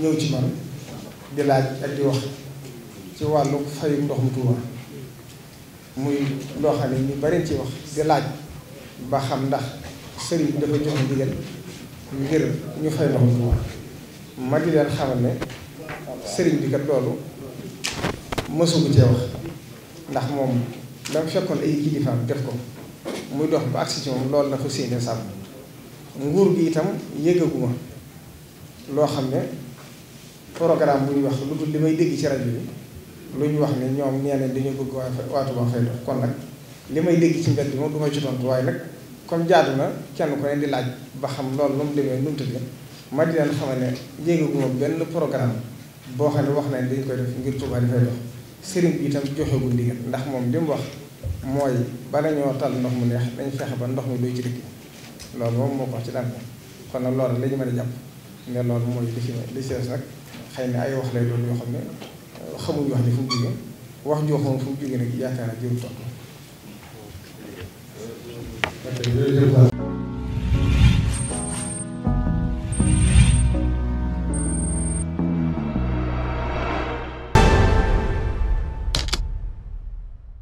ñëw ci man di laaj ak di wax ci wàllu fayu ndoxum Tuuba muy loo xam ne ñu bari ci wax di laaj ba xam ndax sëriñ bi dafa joxe ndigal ngir ñu fay ndoxum Tuuba ma leen xamal ne sëriñ bi kat loolu mësu ko cee wax ndax moom dama fekkoon ay kilifaam def ko muy dox ba agsi ci moom loolu la ko séenee sàmm nguur gi itam yëgaguma loo xam ne programme bu ñuy wax lu dul li may dégg ci rajo bi lu ñu wax ne ñoom nee nañ dañoo bëgg waa waa Touba fay dox kon nag li may dégg ci mbedd moom du ma ci tontu waaye nag comme jaadu na kenn ku ne di laaj ba xam loolu nu mu demee nu mu tëddee leen xamal ne yéegaguma programme boo xam ne wax nañ dañ koy def ngir Touba di fay dox sëriñ bi itam joxegul ndigal ndax moom li wax mooy bala ñoo tal ndox mu neex dañ fexe ba ndox mi doy ci dëkk loolu moom moo ko ci dànk kon nag loolu la ñu mën a jàpp ne loolu mooy li ci nag xay na ay wax lay doon yoo xam ne euh, xamuñ wax ji fu mu jóge wax joo xam fu mu jóge nag yaakaar naa jëru topp